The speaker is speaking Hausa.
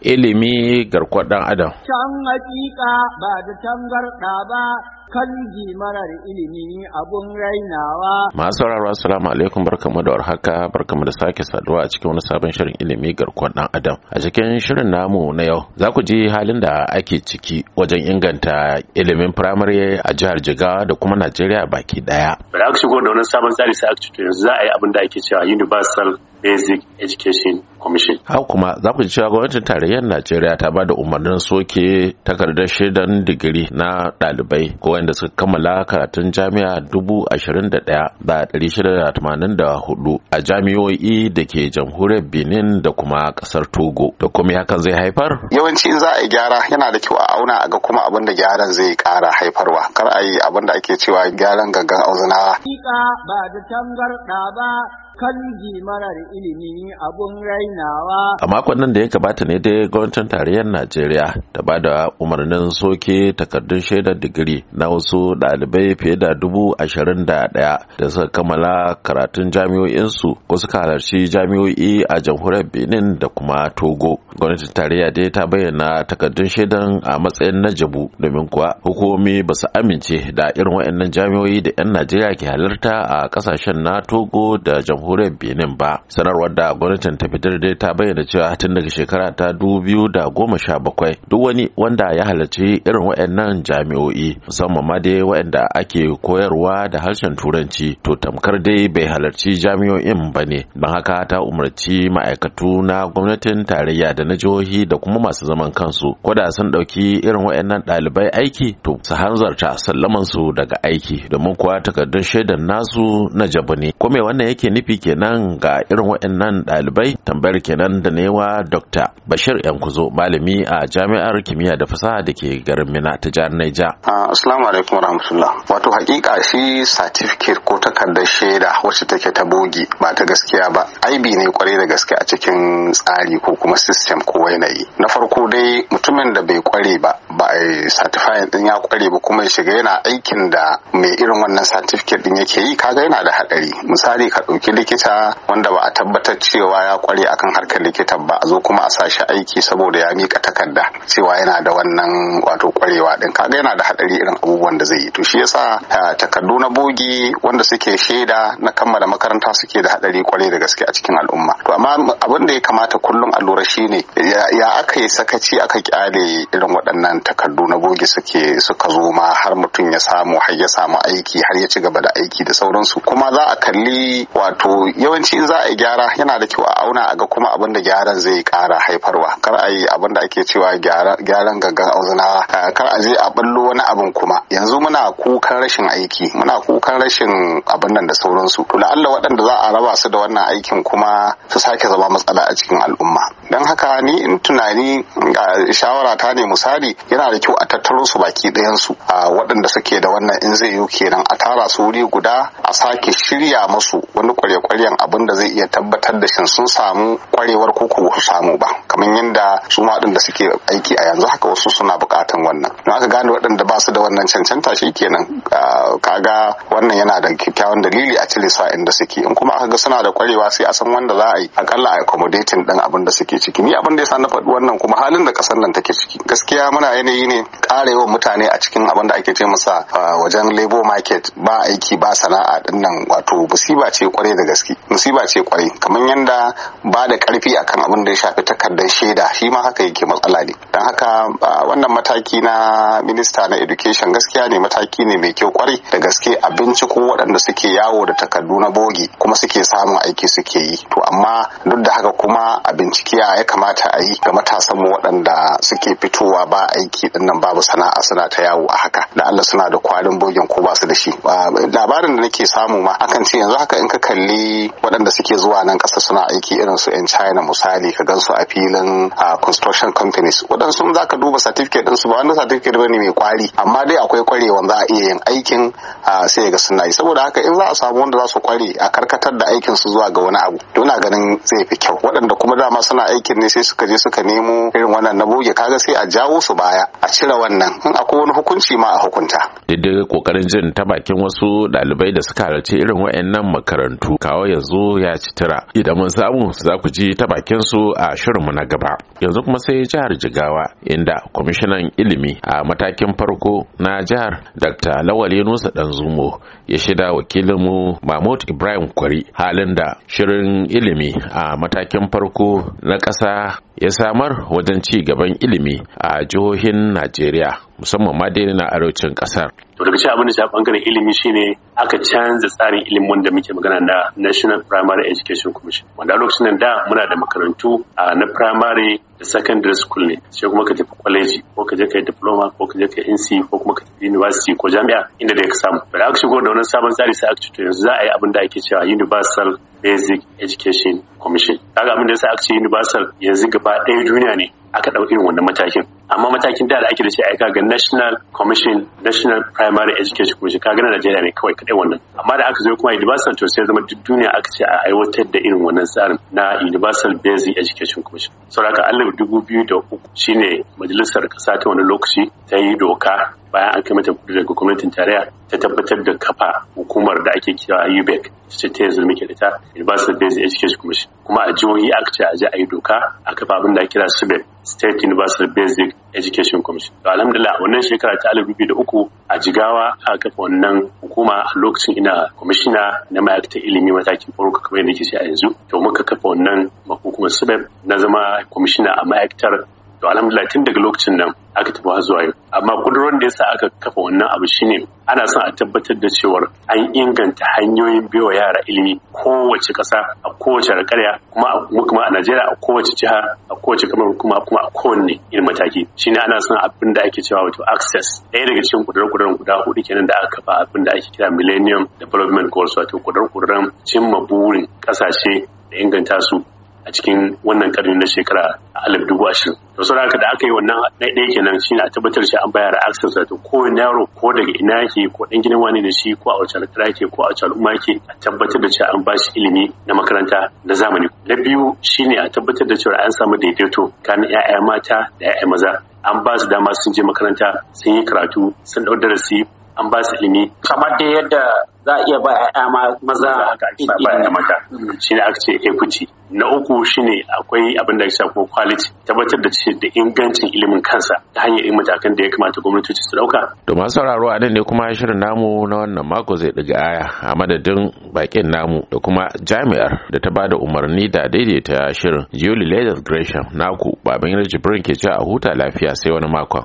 ilimi garkuwar ɗan adam. Can hakika ba da tangarɗa ba kan marar ilimi abun rainawa. Masu sauraro assalamu alaikum barkamu da warhaka barkamu da sake saduwa a cikin wani sabon shirin ilimi garkuwar ɗan adam. A cikin shirin namu na yau za ku ji halin da ake ciki wajen inganta ilimin firamare a jihar Jigawa da kuma Najeriya baki ɗaya. Da aka shigo da wani sabon tsari sai aka yanzu za a yi abin da ake cewa universal Basic Education Commission. Haka kuma za ku ji cewa gwamnatin tarayyar Najeriya ta ba da umarnin soke takardar shaidan digiri na ɗalibai ko wanda suka kammala karatun jami'a dubu ashirin da ɗaya da ɗari shida da tamanin da hudu a jami'o'i da ke jamhuriyar Benin da kuma ƙasar Togo. Da kuma hakan zai haifar? Yawanci in za a yi gyara yana da kyau a auna a ga kuma abin da gyaran zai kara haifarwa. Kar a yi abin da ake cewa gyaran gangan auzunawa. kanji marar ilimi abun rainawa. A makon nan da ya gabata ne dai gwamnatin tarayyar Najeriya ta ba da umarnin soke takardun shaidar digiri na wasu ɗalibai fiye da dubu ashirin da ɗaya da suka kammala karatun jami'o'insu ko suka halarci jami'o'i a jamhuriyar Benin da kuma Togo. Gwamnatin tarayya dai ta bayyana takardun shaidan a matsayin na jabu domin kuwa hukumomi ba su amince da irin waɗannan jami'o'i da 'yan Najeriya ke halarta a kasashen na Togo da jamhuriyar jamhuriyar benin ba sanarwar da gwamnatin ta fitar dai ta bayyana cewa tun daga shekara ta dubu da goma sha bakwai duk wani wanda ya halarci irin waɗannan jami'o'i musamman ma dai waɗanda ake koyarwa da harshen turanci to tamkar dai bai halarci jami'o'in ba ne don haka ta umarci ma'aikatu na gwamnatin tarayya da na jihohi da kuma masu zaman kansu kwada sun ɗauki irin waɗannan ɗalibai aiki to su hanzarta sallaman su daga aiki domin kuwa takardun shaidar nasu na jabu ne ko wannan yake nufi ke kenan ga irin waɗannan ɗalibai tambayar kenan da newa Dr. Bashir Yankuzo malami a Jami'ar Kimiyya da Fasaha da ke garin Mina ta jihar Naija. Assalamu alaikum Wato hakika shi certificate ko takardar shaida wacce take ta bogi ba ta gaskiya ba aibi ne kwarai da gaske a cikin tsari ko kuma system ko yanayi. Na farko dai mutumin da bai kware ba ba a yi certifying din ya kware ba kuma ya shiga yana aikin da mai irin wannan certificate din yake yi kaga yana da haɗari misali ka ɗauki likita wanda ba a tabbatar cewa ya kware akan harkar likitan ba a zo kuma a sa aiki saboda ya mika takarda cewa yana da wannan wato kwarewa din kaga yana da hadari irin abubuwan da zai yi to shi yasa takardu na bogi wanda suke shaida na kammala makaranta suke da haɗari kwarai da gaske a cikin al'umma to amma abin da ya kamata kullum a lura shine ya aka yi sakaci aka kyale irin waɗannan takardu na bogi suke suka zo ma har mutum ya samu har ya samu aiki har ya ci gaba da aiki da sauransu kuma za a kalli wato yawanci in za a yi gyara yana da kyau a auna a ga kuma abin da gyaran zai kara haifarwa kar a yi abin da ake cewa gyaran gangan auzana eh, kar a je a ballo wani abin kuma yanzu muna kukan rashin aiki muna kukan rashin abin nan da sauransu to la'alla waɗanda za a raba su da wannan aikin kuma su sake zama matsala a cikin al'umma don haka ni in tunani eh, shawara ta ne misali yana da kyau a tattaro su baki su a waɗanda suke da wannan in zai yi kenan a tara su wuri guda a sake shirya musu wani kware-kwaren abin da zai iya tabbatar da shin sun samu kwarewar ko ko samu ba kamar yadda su ma da suke aiki a yanzu haka wasu suna bukatan wannan don aka gane waɗanda ba su da wannan cancanta shi kenan kaga wannan yana da kyakkyawan dalili a cire su a inda suke in kuma aka ga suna da kwarewa sai a san wanda za a yi akalla a accommodating ɗin abin da suke ciki ni abin da ya sa na faɗi wannan kuma halin da ƙasar nan take ciki gaskiya muna yanayi ne karewa yawan mutane a cikin abin da ake ce masa wajen labor market ba aiki ba sana'a dinnan wato musiba ce kwarai da gaske musiba ce kwarai kamar yadda ba da karfi kan abin da ya shafi takardar shaida shi ma haka yake matsala ne don haka wannan mataki na minista na education gaskiya ne mataki ne mai kyau kwarai da gaske abinci ko waɗanda suke yawo da takardu na bogi kuma suke samun aiki suke yi to amma duk da haka kuma a bincike ya kamata a yi ga matasanmu waɗanda suke fitowa ba aiki yanki din nan babu sana'a suna ta yawo a haka da Allah suna da kwarin bogin ko ba su da shi labarin da nake samu ma akan ce yanzu haka in ka kalli waɗanda suke zuwa nan ƙasa suna aiki irin su 'yan China misali ka gan su a filin construction companies waɗansu za ka duba certificate su ba wani certificate bane mai kwari amma dai akwai kwarewan za a iya yin aikin sai ga suna yi saboda haka in za a samu wanda za su kware a karkatar da aikin su zuwa ga wani abu to ina ganin zai fi kyau waɗanda kuma dama suna aikin ne sai suka je suka nemo irin wannan na boge kaga sai a jawo su baya baya a cire wannan in akwai wani hukunci ma a hukunta daidai kokarin jin ta bakin wasu dalibai da suka halarci irin wayannan makarantu kawo yanzu ya ci tira idan mun samu za ku ji ta bakin su a shirinmu na gaba yanzu kuma sai jihar jigawa inda kwamishinan ilimi a matakin farko na jihar dr yunusa nusa danzumo ya shida wakilinmu mahmud ibrahim kwari halin da shirin ilimi a matakin farko na ƙasa ya samar wajen ci gaban ilimi a jihohin jihohin Najeriya musamman ma dai na arewacin kasar. To daga cikin abin da shafi bangaren ilimi shine aka canza tsarin ilimin da muke magana na National Primary Education Commission. Wanda lokacin da muna da makarantu a na primary da secondary school ne sai kuma ka tafi college ko ka je ka yi diploma ko ka je ka yi NC ko kuma ka tafi university ko jami'a inda da ka samu. Bari aka shigo da wani sabon tsari sai aka ce to yanzu za a yi abin da ake cewa Universal Basic Education Commission. Kaga abin da yasa aka ce Universal yanzu gaba ɗaya duniya ne aka ɗauki irin wannan matakin. amma matakin da ake da shi a ga national commission national primary education commission kaga na najeriya ne kawai kadai wannan amma da aka zo kuma universal to sai zama duk duniya aka ce a aiwatar da irin wannan tsarin na universal basic education commission saboda alif dubu biyu da uku shine majalisar kasa ta wani lokaci ta yi doka bayan an kai mata daga gwamnatin tarayya ta tabbatar da kafa hukumar da ake kira UBEC ce ta yanzu muke da ta University Basic Education Commission kuma a jihohi aka ce a je a yi doka a kafa abin da ake kira SUBEC e State University Basic Education Commission to alhamdulillah wannan shekara ta alif da uku a Jigawa a kafa wannan hukuma a lokacin ina kwamishina na ma'aikatar ilimi matakin farko kamar yadda ke shi a yanzu to muka kafa wannan hukumar SUBEC e na zama kwamishina a ma'aikatar to alhamdulillah tun daga lokacin nan aka tafi har zuwa yau amma kudurin da yasa aka kafa wannan abu shine ana son a tabbatar da cewar an inganta hanyoyin baiwa yara ilimi kowace kasa a kowace alƙarya kuma kuma a Najeriya a kowace jiha a kowace kamar kuma kuma a kowanne irin mataki shine ana son abin da ake cewa wato access ɗaya daga cikin kudurin guda hudu kenan da aka kafa abin da ake kira millennium development goals wato kudurin cimma burin kasashe da inganta su a cikin wannan karni na shekara alif dubu ashirin da haka da aka yi wannan na ɗaya kenan ne a tabbatar shi an bayar access da wani yaro ko daga ina yake ko dan gidan wani da shi ko a wace alƙara yake ko a wace al'umma yake a tabbatar da cewa an ba shi ilimi na makaranta na zamani na biyu shi ne a tabbatar da cewa an samu daidaito kan 'ya'ya mata da 'ya'ya maza an ba su dama sun je makaranta sun yi karatu sun ɗau darasi an ba su ilimi kamar da yadda za a iya ba 'ya'ya maza ba 'ya'ya mata shi ne aka ce equity na uku shine akwai abin da ya shafi quality tabbatar da da ingancin ilimin kansa ta hanyar yin matakan da ya kamata gwamnatoci su dauka to masu sauraro a nan ne kuma shirin namu na wannan mako zai daga aya a madadin bakin namu da kuma jami'ar da ta bada umarni da daidaita shirin Yuli, ladies Gresham naku babin Yarji Jibrin ke cewa a huta lafiya sai wani makon.